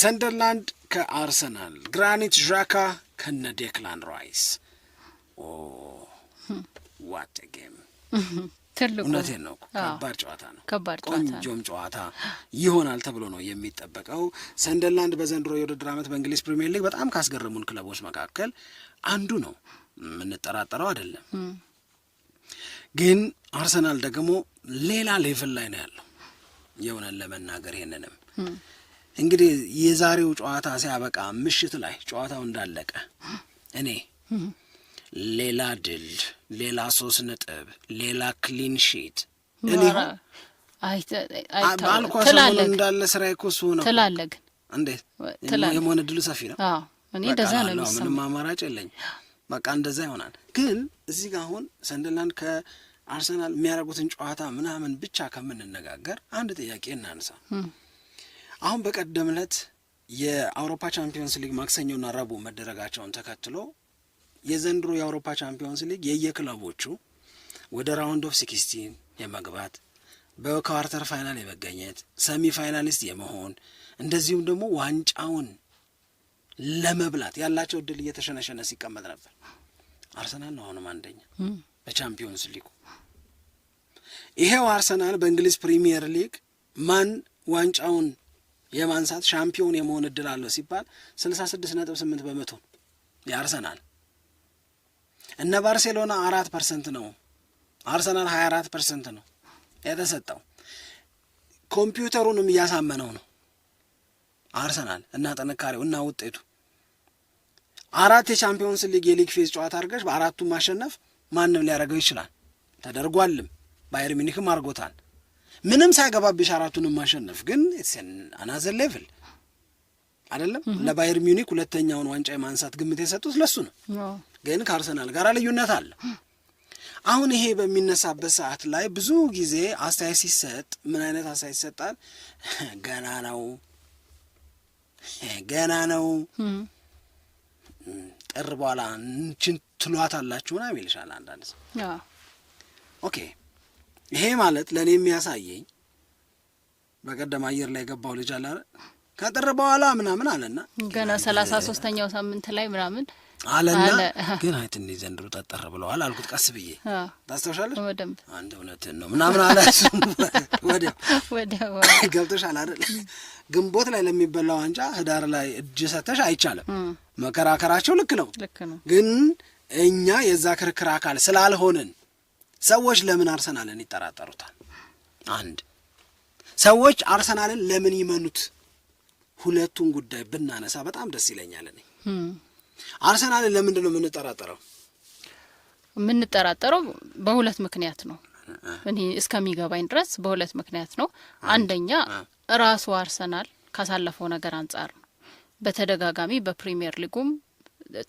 ሰንደርላንድ ከአርሰናል፣ ግራኒት ዣካ ከነ ዴክላን ራይስ ዋት ጌም እውነቴን ነው። ከባድ ጨዋታ ነው። ከባድ ቆንጆም ጨዋታ ይሆናል ተብሎ ነው የሚጠበቀው። ሰንደርላንድ በዘንድሮ የውድድር ዓመት በእንግሊዝ ፕሪምየር ሊግ በጣም ካስገረሙን ክለቦች መካከል አንዱ ነው። የምንጠራጠረው አይደለም። ግን አርሰናል ደግሞ ሌላ ሌቭል ላይ ነው ያለው የሆነን ለመናገር ይሄንንም እንግዲህ የዛሬው ጨዋታ ሲያበቃ ምሽት ላይ ጨዋታው እንዳለቀ እኔ ሌላ ድል፣ ሌላ ሶስት ነጥብ፣ ሌላ ክሊን ሺት እኔ እንዳለ ስራ ኮሱ ነው ትላለህ። እንዴት እድሉ ሰፊ ነው። እኔ እንደዛ ነው። ምንም አማራጭ የለኝ። በቃ እንደዛ ይሆናል። ግን እዚህ ጋ አሁን ሰንደርላንድ ከአርሰናል የሚያደርጉትን ጨዋታ ምናምን ብቻ ከምንነጋገር አንድ ጥያቄ እናንሳ። አሁን በቀደም ዕለት የአውሮፓ ቻምፒዮንስ ሊግ ማክሰኞና ረቡዕ መደረጋቸውን ተከትሎ የዘንድሮ የአውሮፓ ቻምፒዮንስ ሊግ የየክለቦቹ ወደ ራውንድ ኦፍ ሲክስቲን የመግባት በኳርተር ፋይናል የመገኘት ሰሚ ፋይናሊስት የመሆን እንደዚሁም ደግሞ ዋንጫውን ለመብላት ያላቸው እድል እየተሸነሸነ ሲቀመጥ ነበር። አርሰናል ነው አሁንም አንደኛ በቻምፒዮንስ ሊጉ። ይሄው አርሰናል በእንግሊዝ ፕሪሚየር ሊግ ማን ዋንጫውን የማንሳት ሻምፒዮን የመሆን እድል አለው ሲባል ስልሳ ስድስት ነጥብ ስምንት በመቶ ያርሰናል እነ ባርሴሎና አራት ፐርሰንት ነው። አርሰናል ሀያ አራት ፐርሰንት ነው የተሰጠው። ኮምፒውተሩንም እያሳመነው ነው አርሰናል እና ጥንካሬው እና ውጤቱ አራት የቻምፒዮንስ ሊግ የሊግ ፌዝ ጨዋታ አድርገሽ በአራቱ ማሸነፍ ማንም ሊያደርገው ይችላል። ተደርጓልም ባየር ሚኒክም አድርጎታል። ምንም ሳያገባብሽ አራቱንም ማሸነፍ ግን አናዘር ሌቭል አይደለም። ለባየር ሚኒክ ሁለተኛውን ዋንጫ የማንሳት ግምት የሰጡት ለሱ ነው። ግን ከአርሰናል ጋር ልዩነት አለ። አሁን ይሄ በሚነሳበት ሰዓት ላይ ብዙ ጊዜ አስተያየት ሲሰጥ ምን አይነት አስተያየት ይሰጣል? ገና ነው ገና ነው ጥር በኋላ እንችን ትሏት አላችሁና ይልሻል አንዳንድ ሰው ኦኬ ይሄ ማለት ለእኔ የሚያሳየኝ በቀደም አየር ላይ የገባው ልጅ አለ ከጥር በኋላ ምናምን አለና ገና ሰላሳ ሶስተኛው ሳምንት ላይ ምናምን አለና ግን አይ ትንሽ ዘንድሮ ጠጠር ብለዋል አልኩት። ቀስ ብዬ ታስታውሻለሽ፣ አንድ እውነትን ነው ምናምን አለ። ገብቶሻል አይደል? ግንቦት ላይ ለሚበላው ዋንጫ ህዳር ላይ እጅ ሰተሽ አይቻልም። መከራከራቸው ልክ ነው፣ ግን እኛ የዛ ክርክር አካል ስላልሆንን ሰዎች ለምን አርሰናልን ይጠራጠሩታል? አንድ ሰዎች አርሰናልን ለምን ይመኑት? ሁለቱን ጉዳይ ብናነሳ በጣም ደስ ይለኛል። እኔ አርሰናልን ለምንድን ነው የምንጠራጠረው? የምንጠራጠረው በሁለት ምክንያት ነው። እኔ እስከሚገባኝ ድረስ በሁለት ምክንያት ነው። አንደኛ ራሱ አርሰናል ካሳለፈው ነገር አንጻር ነው። በተደጋጋሚ በፕሪሚየር ሊጉም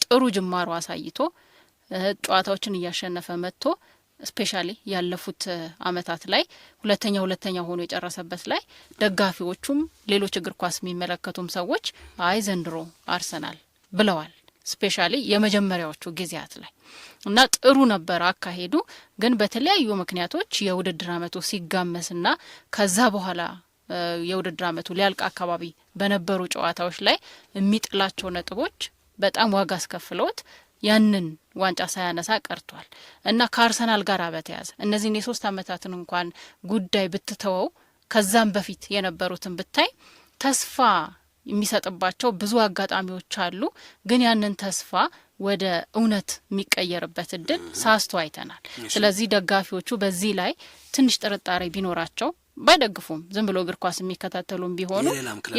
ጥሩ ጅማሮ አሳይቶ ጨዋታዎችን እያሸነፈ መጥቶ ስፔሻሊ ያለፉት አመታት ላይ ሁለተኛ ሁለተኛ ሆኖ የጨረሰበት ላይ ደጋፊዎቹም ሌሎች እግር ኳስ የሚመለከቱም ሰዎች አይ ዘንድሮ አርሰናል ብለዋል። ስፔሻሊ የመጀመሪያዎቹ ጊዜያት ላይ እና ጥሩ ነበር አካሄዱ። ግን በተለያዩ ምክንያቶች የውድድር አመቱ ሲጋመስና ከዛ በኋላ የውድድር አመቱ ሊያልቅ አካባቢ በነበሩ ጨዋታዎች ላይ የሚጥላቸው ነጥቦች በጣም ዋጋ አስከፍለውት ያንን ዋንጫ ሳያነሳ ቀርቷል እና ከአርሰናል ጋር በተያዘ እነዚህን የሶስት አመታትን እንኳን ጉዳይ ብትተወው ከዛም በፊት የነበሩትን ብታይ ተስፋ የሚሰጥባቸው ብዙ አጋጣሚዎች አሉ። ግን ያንን ተስፋ ወደ እውነት የሚቀየርበት እድል ሳስቶ አይተናል። ስለዚህ ደጋፊዎቹ በዚህ ላይ ትንሽ ጥርጣሬ ቢኖራቸው ባይደግፉም ዝም ብሎ እግር ኳስ የሚከታተሉም ቢሆኑ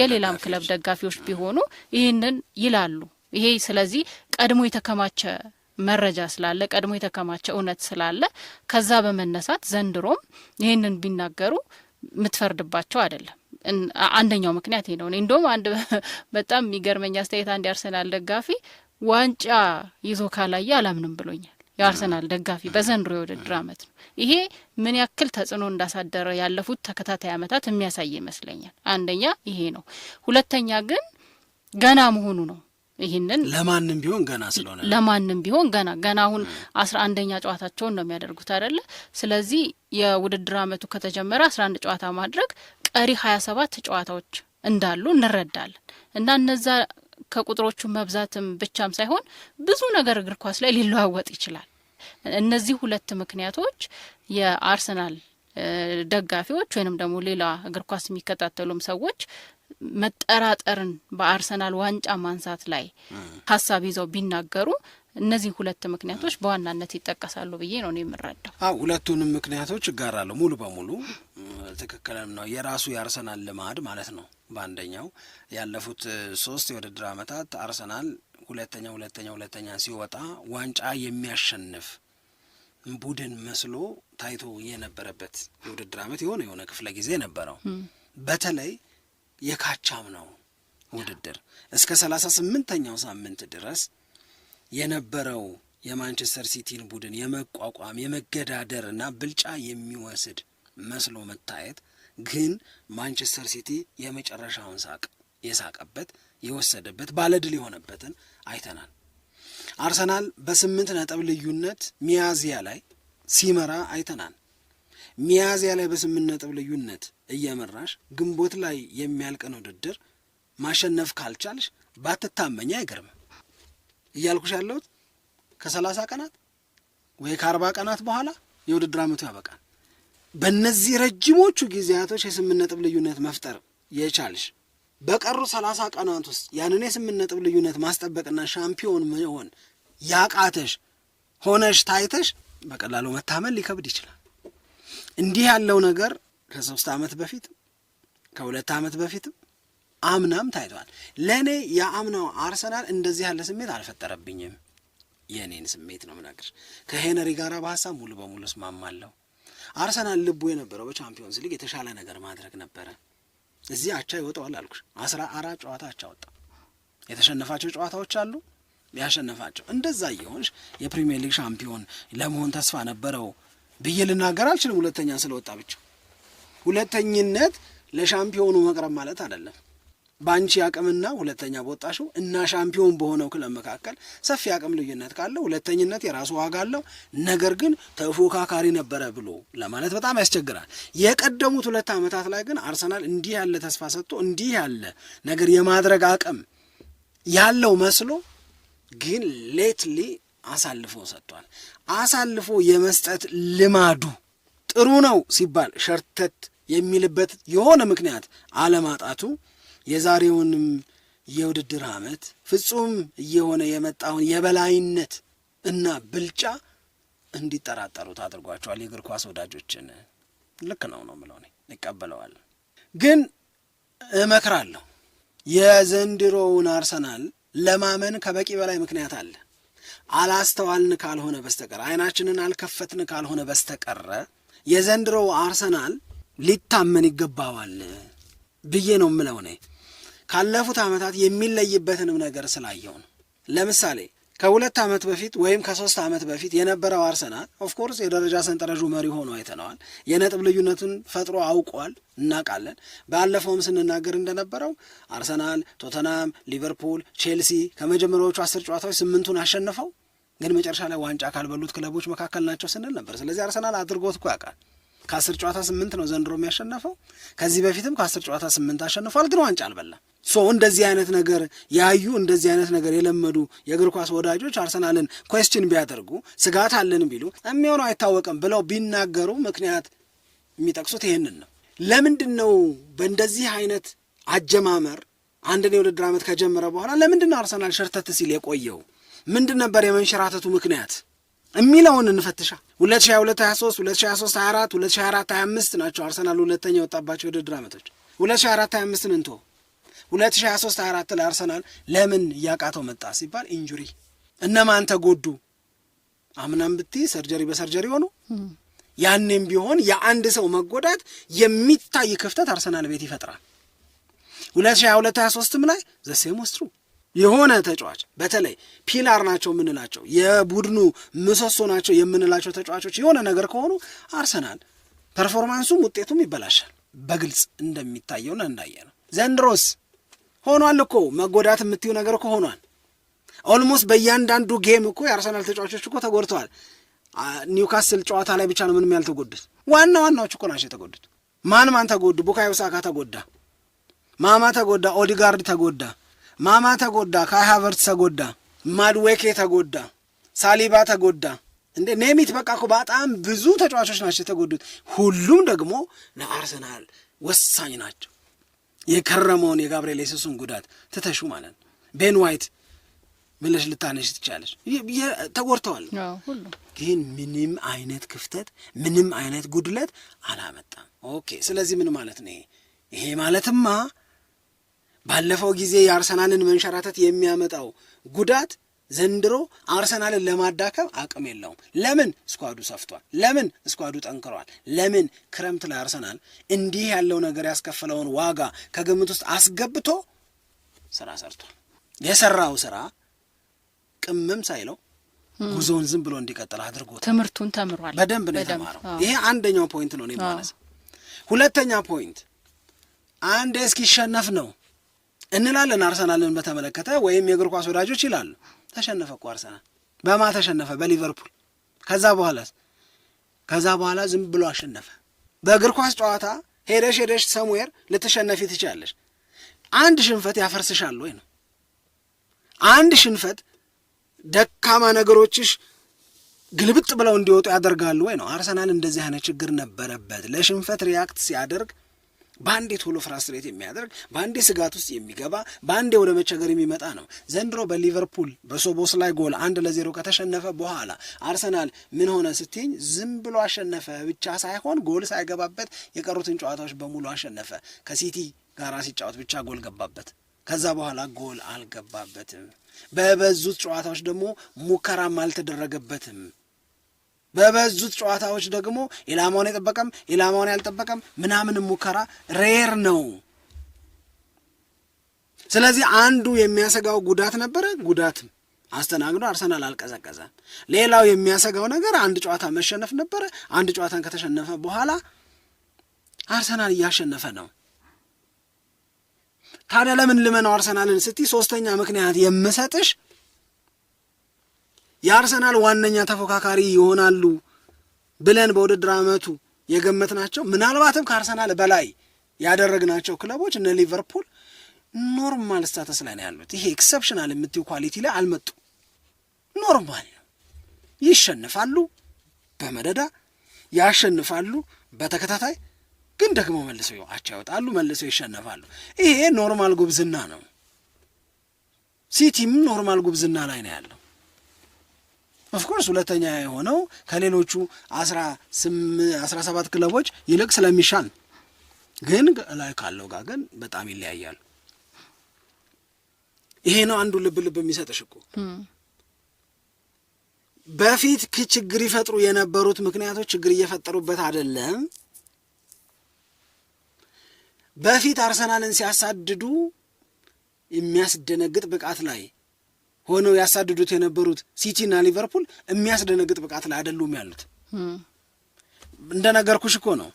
የሌላም ክለብ ደጋፊዎች ቢሆኑ ይህንን ይላሉ። ይሄ ስለዚህ ቀድሞ የተከማቸ መረጃ ስላለ ቀድሞ የተከማቸ እውነት ስላለ ከዛ በመነሳት ዘንድሮም ይህንን ቢናገሩ የምትፈርድባቸው አይደለም። አንደኛው ምክንያት ይሄ ነው። እንደውም አንድ በጣም የሚገርመኝ አስተያየት አንድ የአርሰናል ደጋፊ ዋንጫ ይዞ ካላየ አላምንም ብሎኛል። የአርሰናል ደጋፊ በዘንድሮ የውድድር አመት ነው። ይሄ ምን ያክል ተጽዕኖ እንዳሳደረ ያለፉት ተከታታይ አመታት የሚያሳይ ይመስለኛል። አንደኛ ይሄ ነው። ሁለተኛ ግን ገና መሆኑ ነው ይህንን ለማንም ቢሆን ገና ስለሆነ ለማንም ቢሆን ገና ገና አሁን አስራ አንደኛ ጨዋታቸውን ነው የሚያደርጉት አይደለ? ስለዚህ የውድድር ዓመቱ ከተጀመረ አስራ አንድ ጨዋታ ማድረግ ቀሪ ሀያ ሰባት ጨዋታዎች እንዳሉ እንረዳለን እና እነዛ ከቁጥሮቹ መብዛትም ብቻም ሳይሆን ብዙ ነገር እግር ኳስ ላይ ሊለዋወጥ ይችላል። እነዚህ ሁለት ምክንያቶች የአርሰናል ደጋፊዎች ወይንም ደግሞ ሌላ እግር ኳስ የሚከታተሉም ሰዎች መጠራጠርን በአርሰናል ዋንጫ ማንሳት ላይ ሀሳብ ይዘው ቢናገሩ እነዚህ ሁለት ምክንያቶች በዋናነት ይጠቀሳሉ ብዬ ነው የምረዳው። አዎ ሁለቱንም ምክንያቶች እጋራለሁ ሙሉ በሙሉ ትክክልም ነው። የራሱ የአርሰናል ልማድ ማለት ነው። በአንደኛው ያለፉት ሶስት የውድድር ዓመታት አርሰናል ሁለተኛ ሁለተኛ ሁለተኛ ሲወጣ ዋንጫ የሚያሸንፍ ቡድን መስሎ ታይቶ የነበረበት የውድድር ዓመት የሆነ የሆነ ክፍለ ጊዜ ነበረው በተለይ የካቻም ነው ውድድር እስከ ሰላሳ ስምንተኛው ሳምንት ድረስ የነበረው የማንቸስተር ሲቲን ቡድን የመቋቋም የመገዳደር እና ብልጫ የሚወስድ መስሎ መታየት ግን ማንቸስተር ሲቲ የመጨረሻውን ሳቅ የሳቀበት የወሰደበት ባለድል የሆነበትን አይተናል። አርሰናል በስምንት ነጥብ ልዩነት ሚያዝያ ላይ ሲመራ አይተናል። ሚያዝያ ላይ በስምንት ነጥብ ልዩነት እየመራሽ ግንቦት ላይ የሚያልቀን ውድድር ማሸነፍ ካልቻልሽ ባትታመኝ አይገርም እያልኩሽ ያለሁት ከሰላሳ ቀናት ወይ ከአርባ ቀናት በኋላ የውድድር አመቱ ያበቃል። በእነዚህ ረጅሞቹ ጊዜያቶች የስምንት ነጥብ ልዩነት መፍጠር የቻልሽ በቀሩ ሰላሳ ቀናት ውስጥ ያንን የስምንት ነጥብ ልዩነት ማስጠበቅና ሻምፒዮን መሆን ያቃተሽ ሆነሽ ታይተሽ በቀላሉ መታመን ሊከብድ ይችላል። እንዲህ ያለው ነገር ከሶስት ዓመት በፊትም ከሁለት ዓመት በፊትም አምናም ታይቷል። ለእኔ የአምናው አርሰናል እንደዚህ ያለ ስሜት አልፈጠረብኝም። የእኔን ስሜት ነው ምነግር። ከሄነሪ ጋር በሀሳብ ሙሉ በሙሉ እስማማለሁ። አርሰናል ልቡ የነበረው በቻምፒዮንስ ሊግ የተሻለ ነገር ማድረግ ነበረ። እዚህ አቻ ይወጣዋል አልኩሽ። አስራ አራት ጨዋታ አቻ ወጣ። የተሸነፋቸው ጨዋታዎች አሉ ያሸነፋቸው። እንደዛ እየሆንሽ የፕሪሚየር ሊግ ሻምፒዮን ለመሆን ተስፋ ነበረው ብዬ ልናገር አልችልም። ሁለተኛ ስለወጣ ብቻ ሁለተኝነት ለሻምፒዮኑ መቅረብ ማለት አይደለም። በአንቺ አቅምና ሁለተኛ በወጣሽው እና ሻምፒዮን በሆነው ክለብ መካከል ሰፊ አቅም ልዩነት ካለው ሁለተኝነት የራሱ ዋጋ አለው። ነገር ግን ተፎካካሪ ነበረ ብሎ ለማለት በጣም ያስቸግራል። የቀደሙት ሁለት ዓመታት ላይ ግን አርሰናል እንዲህ ያለ ተስፋ ሰጥቶ እንዲህ ያለ ነገር የማድረግ አቅም ያለው መስሎ ግን ሌትሊ አሳልፎ ሰጥቷል። አሳልፎ የመስጠት ልማዱ ጥሩ ነው ሲባል ሸርተት የሚልበት የሆነ ምክንያት አለማጣቱ የዛሬውንም የውድድር ዓመት ፍጹም እየሆነ የመጣውን የበላይነት እና ብልጫ እንዲጠራጠሩት አድርጓቸዋል። የእግር ኳስ ወዳጆችን ልክ ነው ነው ምለው ይቀበለዋል። ግን እመክራለሁ የዘንድሮውን አርሰናል ለማመን ከበቂ በላይ ምክንያት አለ። አላስተዋልን ካልሆነ በስተቀር አይናችንን አልከፈትን ካልሆነ በስተቀረ የዘንድሮው አርሰናል ሊታመን ይገባዋል ብዬ ነው የምለው። እኔ ካለፉት ዓመታት የሚለይበትንም ነገር ስላየው ነው። ለምሳሌ ከሁለት ዓመት በፊት ወይም ከሶስት ዓመት በፊት የነበረው አርሰናል ኦፍኮርስ የደረጃ ሰንጠረዡ መሪ ሆኖ አይተነዋል። የነጥብ ልዩነቱን ፈጥሮ አውቋል፣ እናውቃለን። ባለፈውም ስንናገር እንደነበረው አርሰናል፣ ቶተናም፣ ሊቨርፑል፣ ቼልሲ ከመጀመሪያዎቹ አስር ጨዋታዎች ስምንቱን አሸንፈው ግን መጨረሻ ላይ ዋንጫ ካልበሉት ክለቦች መካከል ናቸው ስንል ነበር። ስለዚህ አርሰናል አድርጎት እኮ ያውቃል። ከአስር ጨዋታ ስምንት ነው ዘንድሮ የሚያሸነፈው። ከዚህ በፊትም ከአስር ጨዋታ ስምንት አሸንፏል፣ ግን ዋንጫ አልበላም። ሶ እንደዚህ አይነት ነገር ያዩ እንደዚህ አይነት ነገር የለመዱ የእግር ኳስ ወዳጆች አርሰናልን ኮስችን ቢያደርጉ ስጋት አለን ቢሉ የሚሆነው አይታወቅም ብለው ቢናገሩ ምክንያት የሚጠቅሱት ይህንን ነው። ለምንድን ነው በእንደዚህ አይነት አጀማመር አንድን የውድድር ዓመት ከጀመረ በኋላ ለምንድን ነው አርሰናል ሸርተት ሲል የቆየው? ምንድን ነበር የመንሸራተቱ ምክንያት? የሚለውን እንፈትሻ። 2022 23 2023 24 2024 25 ናቸው አርሰናል ሁለተኛ የወጣባቸው የውድድር ዓመቶች። 2024 25 እንቶ 2023 24 ለአርሰናል ለምን እያቃተው መጣ ሲባል ኢንጁሪ፣ እነማን ተጎዱ? አምናም ብቲ ሰርጀሪ በሰርጀሪ ሆኖ ያኔም ቢሆን የአንድ ሰው መጎዳት የሚታይ ክፍተት አርሰናል ቤት ይፈጥራል። 2022 23ም ላይ ዘሴም ወስትሩ የሆነ ተጫዋች በተለይ ፒላር ናቸው የምንላቸው የቡድኑ ምሰሶ ናቸው የምንላቸው ተጫዋቾች የሆነ ነገር ከሆኑ አርሰናል ፐርፎርማንሱም ውጤቱም ይበላሻል። በግልጽ እንደሚታየውና እንዳየ ነው። ዘንድሮስ ሆኗል እኮ መጎዳት የምትዩ ነገር እኮ ሆኗል። ኦልሞስት በእያንዳንዱ ጌም እኮ የአርሰናል ተጫዋቾች እኮ ተጎድተዋል። ኒውካስል ጨዋታ ላይ ብቻ ነው ምንም ያልተጎዱት። ዋና ዋናዎች እኮ ናቸው የተጎዱት። ማን ማን ተጎዱ? ቡካዮ ሳካ ተጎዳ፣ ማማ ተጎዳ፣ ኦዲጋርድ ተጎዳ ማማ ተጎዳ፣ ካይ ሃቨርት ተጎዳ፣ ማድዌኬ ተጎዳ፣ ሳሊባ ተጎዳ። እንደ ኔሚት በቃ እኮ በጣም ብዙ ተጫዋቾች ናቸው የተጎዱት። ሁሉም ደግሞ ለአርሰናል ወሳኝ ናቸው። የከረመውን የጋብርኤል የሱስን ጉዳት ትተሹ ማለት ነው። ቤን ዋይት ብለሽ ልታነሽ ትቻለች። ተጎድተዋል፣ ግን ምንም አይነት ክፍተት ምንም አይነት ጉድለት አላመጣም። ኦኬ፣ ስለዚህ ምን ማለት ነው ይሄ ይሄ ማለትማ ባለፈው ጊዜ የአርሰናልን መንሸራተት የሚያመጣው ጉዳት ዘንድሮ አርሰናልን ለማዳከም አቅም የለውም። ለምን ስኳዱ ሰፍቷል? ለምን ስኳዱ ጠንክሯል? ለምን ክረምት ላይ አርሰናል እንዲህ ያለው ነገር ያስከፈለውን ዋጋ ከግምት ውስጥ አስገብቶ ስራ ሰርቷል። የሰራው ስራ ቅምም ሳይለው ጉዞውን ዝም ብሎ እንዲቀጥል አድርጎ ትምህርቱን ተምሯል። በደንብ ነው የተማረው። ይሄ አንደኛው ፖይንት ነው ማለት። ሁለተኛ ፖይንት አንድ እስኪሸነፍ ነው እንላለን አርሰናልን በተመለከተ ወይም የእግር ኳስ ወዳጆች ይላሉ። ተሸነፈ እኮ አርሰናል። በማ ተሸነፈ? በሊቨርፑል። ከዛ በኋላ ከዛ በኋላ ዝም ብሎ አሸነፈ። በእግር ኳስ ጨዋታ ሄደሽ ሄደሽ ሰሙዌር ልትሸነፊ ትችላለሽ። አንድ ሽንፈት ያፈርስሻል ወይ ነው። አንድ ሽንፈት ደካማ ነገሮችሽ ግልብጥ ብለው እንዲወጡ ያደርጋሉ ወይ ነው። አርሰናል እንደዚህ አይነት ችግር ነበረበት። ለሽንፈት ሪያክት ሲያደርግ በአንዴ ቶሎ ፍራስትሬት የሚያደርግ በአንዴ ስጋት ውስጥ የሚገባ በአንዴ ወደ መቸገር የሚመጣ ነው። ዘንድሮ በሊቨርፑል በሶቦስ ላይ ጎል አንድ ለዜሮ ከተሸነፈ በኋላ አርሰናል ምን ሆነ ስትኝ ዝም ብሎ አሸነፈ ብቻ ሳይሆን ጎል ሳይገባበት የቀሩትን ጨዋታዎች በሙሉ አሸነፈ። ከሲቲ ጋራ ሲጫወት ብቻ ጎል ገባበት። ከዛ በኋላ ጎል አልገባበትም። በበዙት ጨዋታዎች ደግሞ ሙከራም አልተደረገበትም። በበዙት ጨዋታዎች ደግሞ ኢላማውን የጠበቀም ኢላማውን ያልጠበቀም ምናምን ሙከራ ሬር ነው። ስለዚህ አንዱ የሚያሰጋው ጉዳት ነበረ፣ ጉዳትም አስተናግዶ አርሰናል አልቀዘቀዘም። ሌላው የሚያሰጋው ነገር አንድ ጨዋታ መሸነፍ ነበረ። አንድ ጨዋታን ከተሸነፈ በኋላ አርሰናል እያሸነፈ ነው። ታዲያ ለምን ልመነው አርሰናልን ስቲ ሶስተኛ ምክንያት የምሰጥሽ የአርሰናል ዋነኛ ተፎካካሪ ይሆናሉ ብለን በውድድር ዓመቱ ናቸው። ምናልባትም ከአርሰናል በላይ ያደረግናቸው ክለቦች እነ ሊቨርፑል ኖርማል ስታተስ ላይ ነው ያሉት። ይሄ ኤክሰፕሽናል የምትይው ኳሊቲ ላይ አልመጡ። ኖርማል ነው። ይሸንፋሉ በመደዳ ያሸንፋሉ በተከታታይ ግን ደግሞ መልሰው አቻ ይወጣሉ፣ መልሰው ይሸነፋሉ። ይሄ ኖርማል ጉብዝና ነው። ሲቲም ኖርማል ጉብዝና ላይ ነው ያለው። ኦፍኮርስ ሁለተኛ የሆነው ከሌሎቹ አስራ ሰባት ክለቦች ይልቅ ስለሚሻል ግን ላይ ካለው ጋር ግን በጣም ይለያያል። ይሄ ነው አንዱ ልብ ልብ የሚሰጥሽ እኮ በፊት ችግር ይፈጥሩ የነበሩት ምክንያቶች ችግር እየፈጠሩበት አይደለም። በፊት አርሰናልን ሲያሳድዱ የሚያስደነግጥ ብቃት ላይ ሆነው ያሳድዱት የነበሩት ሲቲና ሊቨርፑል የሚያስደነግጥ ብቃት ላይ አይደሉም ያሉት። እንደነገርኩሽ እኮ ነው።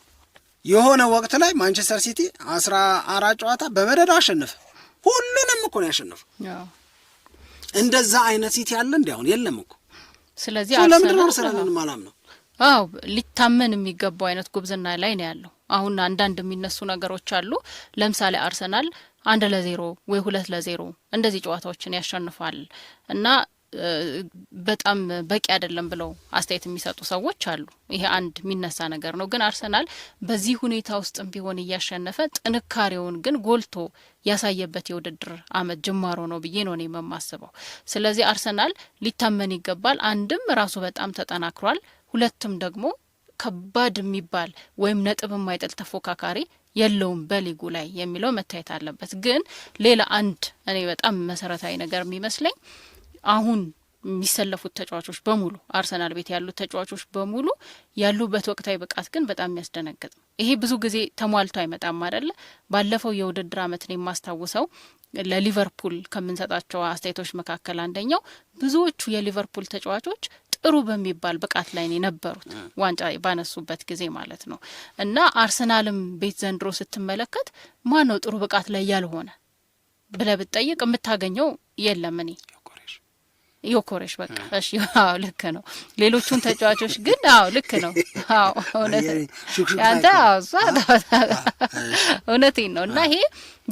የሆነ ወቅት ላይ ማንቸስተር ሲቲ አስራ አራት ጨዋታ በበደዳው አሸነፈ። ሁሉንም እኮ ነው ያሸነፈው። እንደዛ አይነት ሲቲ ያለ እንዲያሁን የለም እኮ። ስለዚህ ነው አርሰናልን ማላም ነው? አዎ ሊታመን የሚገባው አይነት ጉብዝና ላይ ነው ያለው። አሁን አንዳንድ የሚነሱ ነገሮች አሉ። ለምሳሌ አርሰናል አንድ ለዜሮ ወይ ሁለት ለዜሮ እንደዚህ ጨዋታዎችን ያሸንፋል እና በጣም በቂ አይደለም ብለው አስተያየት የሚሰጡ ሰዎች አሉ። ይሄ አንድ የሚነሳ ነገር ነው። ግን አርሰናል በዚህ ሁኔታ ውስጥም ቢሆን እያሸነፈ ጥንካሬውን ግን ጎልቶ ያሳየበት የውድድር አመት ጅማሮ ነው ብዬ ነው እኔ የማስበው። ስለዚህ አርሰናል ሊታመን ይገባል። አንድም ራሱ በጣም ተጠናክሯል፣ ሁለትም ደግሞ ከባድ የሚባል ወይም ነጥብ የማይጥል ተፎካካሪ የለውም በሊጉ ላይ የሚለው መታየት አለበት። ግን ሌላ አንድ እኔ በጣም መሰረታዊ ነገር የሚመስለኝ አሁን የሚሰለፉት ተጫዋቾች በሙሉ አርሰናል ቤት ያሉት ተጫዋቾች በሙሉ ያሉበት ወቅታዊ ብቃት ግን በጣም የሚያስደነግጥ ነው። ይሄ ብዙ ጊዜ ተሟልቶ አይመጣም አደለ? ባለፈው የውድድር ነው የማስታውሰው ለሊቨርፑል ከምንሰጣቸው አስተያየቶች መካከል አንደኛው ብዙዎቹ የሊቨርፑል ተጫዋቾች ጥሩ በሚባል ብቃት ላይ ነው የነበሩት ዋንጫ ባነሱበት ጊዜ ማለት ነው። እና አርሰናልም ቤት ዘንድሮ ስትመለከት ማን ነው ጥሩ ብቃት ላይ ያልሆነ ብለህ ብትጠይቅ የምታገኘው የለም። እኔ ዮኮሬሽ በቃ እሺ፣ አዎ ልክ ነው። ሌሎቹን ተጫዋቾች ግን አዎ ልክ ነው። አዎ እውነት አንተ እሷ እውነቴን ነው። እና ይሄ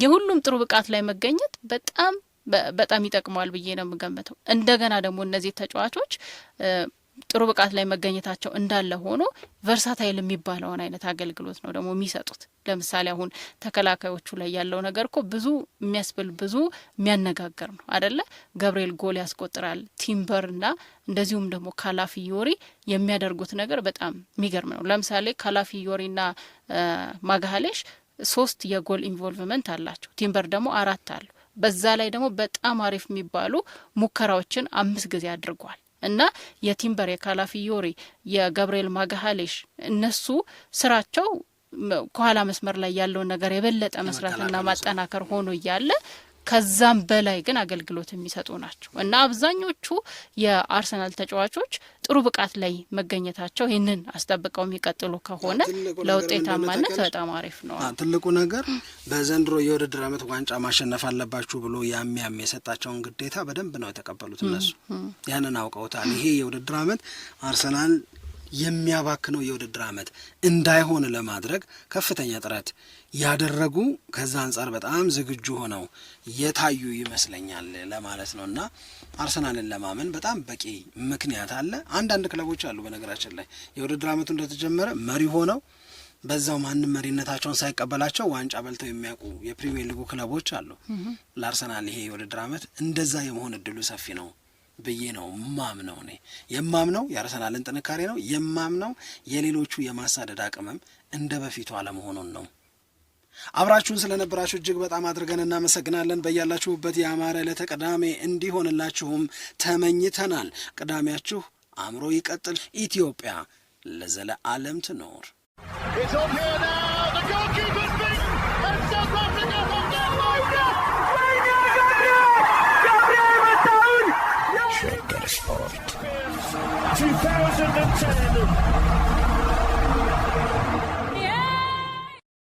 የሁሉም ጥሩ ብቃት ላይ መገኘት በጣም በጣም ይጠቅመዋል ብዬ ነው የምገምተው። እንደገና ደግሞ እነዚህ ተጫዋቾች ጥሩ ብቃት ላይ መገኘታቸው እንዳለ ሆኖ ቨርሳታይል የሚባለውን አይነት አገልግሎት ነው ደግሞ የሚሰጡት። ለምሳሌ አሁን ተከላካዮቹ ላይ ያለው ነገር እኮ ብዙ የሚያስብል ብዙ የሚያነጋገር ነው አደለ? ገብርኤል ጎል ያስቆጥራል። ቲምበር እና እንደዚሁም ደግሞ ካላፊዮሪ የሚያደርጉት ነገር በጣም የሚገርም ነው። ለምሳሌ ካላፊዮሪና ማጋሌሽ ሶስት የጎል ኢንቮልቭመንት አላቸው። ቲምበር ደግሞ አራት አለው። በዛ ላይ ደግሞ በጣም አሪፍ የሚባሉ ሙከራዎችን አምስት ጊዜ አድርጓል እና የቲምበር የካላፊዮሪ የገብርኤል ማጋሃሌሽ እነሱ ስራቸው ከኋላ መስመር ላይ ያለውን ነገር የበለጠ መስራትና ማጠናከር ሆኖ እያለ ከዛም በላይ ግን አገልግሎት የሚሰጡ ናቸው እና አብዛኞቹ የአርሰናል ተጫዋቾች ጥሩ ብቃት ላይ መገኘታቸው ይህንን አስጠብቀው የሚቀጥሉ ከሆነ ለውጤታማነት በጣም አሪፍ ነው። ትልቁ ነገር በዘንድሮ የውድድር ዓመት ዋንጫ ማሸነፍ አለባችሁ ብሎ ያም ያም የሰጣቸውን ግዴታ በደንብ ነው የተቀበሉት። እነሱ ያንን አውቀውታል። ይሄ የውድድር ዓመት አርሰናል የሚያባክነው የውድድር ዓመት እንዳይሆን ለማድረግ ከፍተኛ ጥረት ያደረጉ ከዛ አንጻር በጣም ዝግጁ ሆነው የታዩ ይመስለኛል ለማለት ነው እና አርሰናልን ለማመን በጣም በቂ ምክንያት አለ። አንዳንድ ክለቦች አሉ በነገራችን ላይ የውድድር ዓመቱ እንደተጀመረ መሪ ሆነው በዛው ማንም መሪነታቸውን ሳይቀበላቸው ዋንጫ በልተው የሚያውቁ የፕሪሚየር ሊጉ ክለቦች አሉ። ለአርሰናል ይሄ የውድድር ዓመት እንደዛ የመሆን እድሉ ሰፊ ነው ብዬ ነው ማምነው። እኔ የማምነው የአርሰናልን ጥንካሬ ነው የማምነው። የሌሎቹ የማሳደድ አቅምም እንደ በፊቱ አለመሆኑን ነው። አብራችሁን ስለነበራችሁ እጅግ በጣም አድርገን እናመሰግናለን። በያላችሁበት የአማረ ዕለተ ቅዳሜ እንዲሆንላችሁም ተመኝተናል። ቅዳሜያችሁ አእምሮ ይቀጥል። ኢትዮጵያ ለዘለዓለም ትኖር። 2010